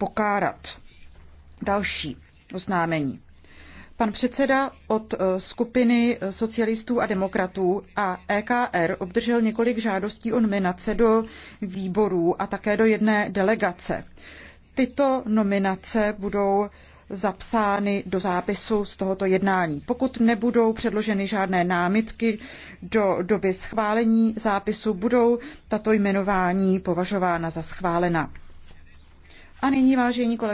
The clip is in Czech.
pokárat. Další oznámení. Pan předseda od eh, skupiny eh, socialistů a demokratů a EKR obdržel několik žádostí o nominace do výborů a také do jedné delegace. Tyto nominace budou zapsány do zápisu z tohoto jednání. Pokud nebudou předloženy žádné námitky do doby schválení zápisu, budou tato jmenování považována za schválena. A nyní, vážení kolegové,